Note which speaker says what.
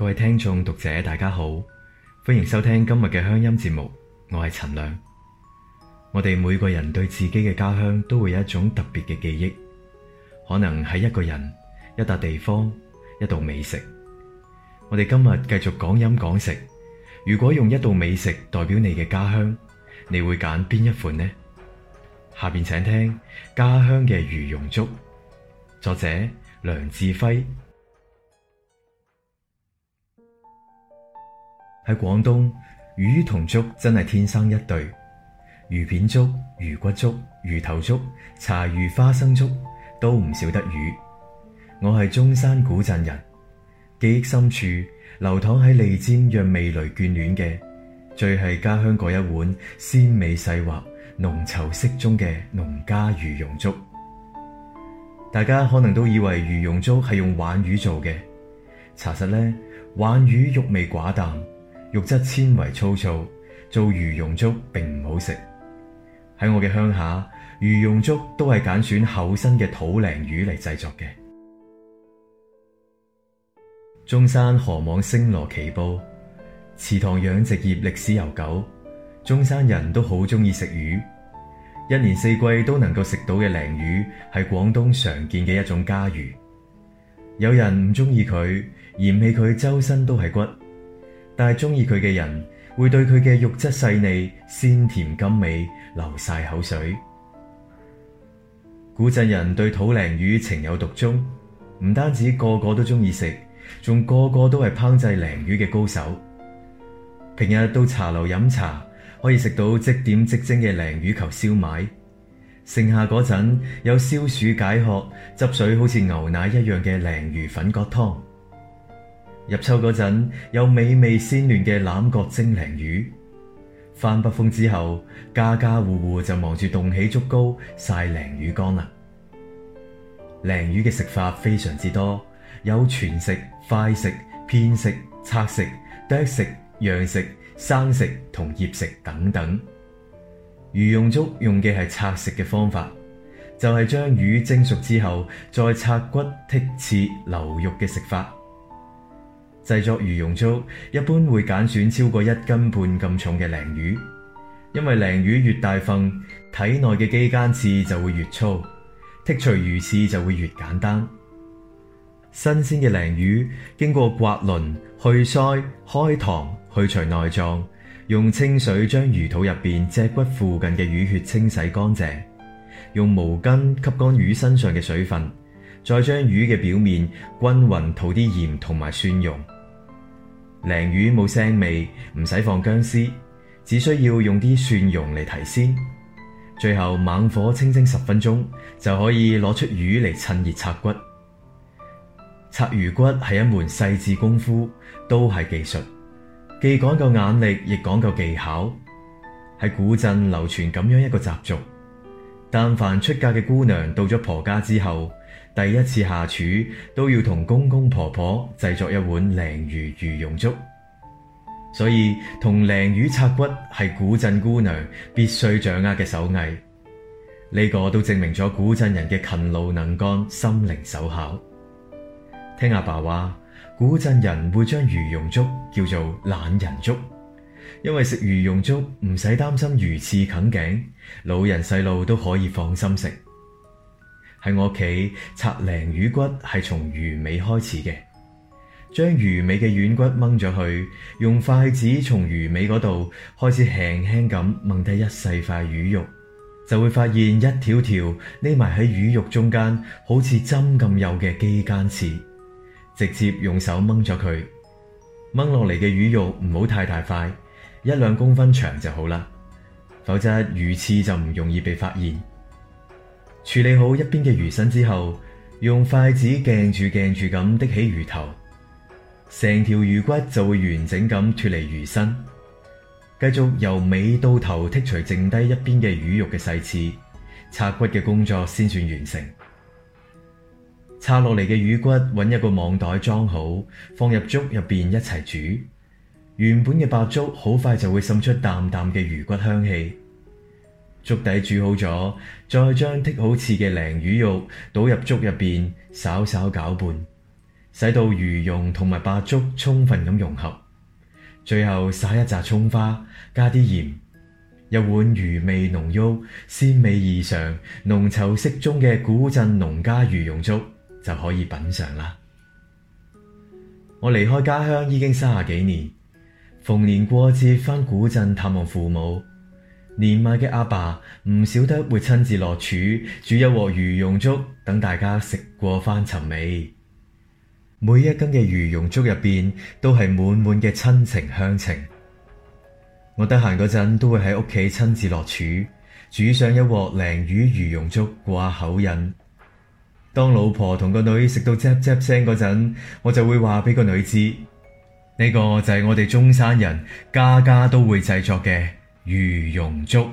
Speaker 1: 各位聽眾讀者大家好，歡迎收聽今日嘅鄉音節目，我係陳亮。我哋每個人對自己嘅家鄉都會有一種特別嘅記憶，可能係一個人、一笪地方、一道美食。我哋今日繼續講飲講食。如果用一道美食代表你嘅家鄉，你會揀邊一款呢？下邊請聽家鄉嘅魚蓉粥，作者梁志輝。喺廣東，魚同粥真係天生一對。魚片粥、魚骨粥、魚頭粥、茶魚花生粥，都唔少得魚。我係中山古鎮人，記憶深處流淌喺舌尖，讓味蕾眷戀嘅，最係家鄉嗰一碗鮮美細滑、濃稠適中嘅農家魚蓉粥。大家可能都以為魚蓉粥係用鯇魚做嘅，查實呢，鯇魚肉味寡淡。肉質纖維粗糙，做魚蓉粥並唔好食。喺我嘅鄉下，魚蓉粥都係揀選厚身嘅土鯪魚嚟製作嘅。中山河網星羅棋布，池塘養殖業歷史悠久。中山人都好中意食魚，一年四季都能夠食到嘅鯪魚係廣東常見嘅一種家魚。有人唔中意佢，嫌棄佢周身都係骨。但係中意佢嘅人會對佢嘅肉質細膩、鮮甜甘美流晒口水。古鎮人對土鯪魚情有獨鍾，唔單止個個都中意食，仲個個都係烹製鯪魚嘅高手。平日到茶樓飲茶，可以食到即點即蒸嘅鯪魚球燒賣；盛夏嗰陣有消暑解渴、汁水好似牛奶一樣嘅鯪魚粉葛湯。入秋嗰陣有美味鮮嫩嘅欖角蒸鯪魚，翻北風之後，家家戶戶就忙住凍起竹篙，曬鯪魚乾啦。鯪魚嘅食法非常之多，有全食、快食、偏食、拆食、剁食、樣食、食、食、生食同醃食等等。魚蓉粥用嘅係拆食嘅方法，就係、是、將魚蒸熟之後再拆骨剔刺留肉嘅食法。製作魚蓉粥，一般會揀選超過一斤半咁重嘅鯪魚，因為鯪魚越大份，體內嘅肌間刺就會越粗，剔除魚刺就會越簡單。新鮮嘅鯪魚經過刮鱗、去鰓、開膛、去除內臟，用清水將魚肚入邊脊骨附近嘅魚血清洗乾淨，用毛巾吸乾魚身上嘅水分，再將魚嘅表面均勻塗啲鹽同埋蒜蓉。鯪魚冇腥味，唔使放薑絲，只需要用啲蒜蓉嚟提鮮。最後猛火清蒸十分鐘，就可以攞出魚嚟趁熱拆骨。拆魚骨係一門細緻功夫，都係技術，既講究眼力，亦講究技巧。喺古鎮流傳咁樣一個習俗，但凡出嫁嘅姑娘到咗婆家之後。第一次下廚都要同公公婆婆製作一碗鯪魚，魚魚蓉粥，所以同鯪魚，魚拆骨係古鎮姑娘必須掌握嘅手藝。呢、這個都證明咗古鎮人嘅勤勞能幹、心靈手巧。聽阿爸話，古鎮人會將魚蓉粥叫做懶人粥，因為食魚蓉粥唔使擔心魚刺啃頸，老人細路都可以放心食。喺我屋企拆鯪魚骨係從魚尾開始嘅，將魚尾嘅軟骨掹咗去，用筷子從魚尾嗰度開始輕輕咁掹低一細塊魚肉，就會發現一條條匿埋喺魚肉中間，好似針咁幼嘅肌間刺，直接用手掹咗佢，掹落嚟嘅魚肉唔好太大塊，一兩公分長就好啦，否則魚刺就唔容易被發現。處理好一邊嘅魚身之後，用筷子夾住夾住咁滴起魚頭，成條魚骨就會完整咁脫離魚身。繼續由尾到頭剔除剩低一邊嘅魚肉嘅細刺，拆骨嘅工作先算完成。拆落嚟嘅魚骨，揾一個網袋裝好，放入粥入邊一齊煮。原本嘅白粥好快就會滲出淡淡嘅魚骨香氣。粥底煮好咗，再將剔好刺嘅鯪魚肉倒入粥入邊，稍稍攪拌，使到魚蓉同埋白粥充分咁融合。最後撒一紮蔥花，加啲鹽，一碗魚味濃郁、鮮味異常、濃稠適中嘅古鎮農家魚蓉粥就可以品嘗啦。我離開家鄉已經三十幾年，逢年過節翻古鎮探望父母。年邁嘅阿爸唔少得會親自落廚煮一鑊魚蓉粥，等大家食過翻尋味。每一斤嘅魚蓉粥入邊都係滿滿嘅親情鄉情。我得閒嗰陣都會喺屋企親自落廚煮上一鑊鯪魚，魚魚蓉，蓉粥掛口癮。當老婆同個女食到嘖嘖聲嗰陣，我就會話俾個女知呢、呢個就係我哋中山人家家都會製作嘅。魚蓉粥。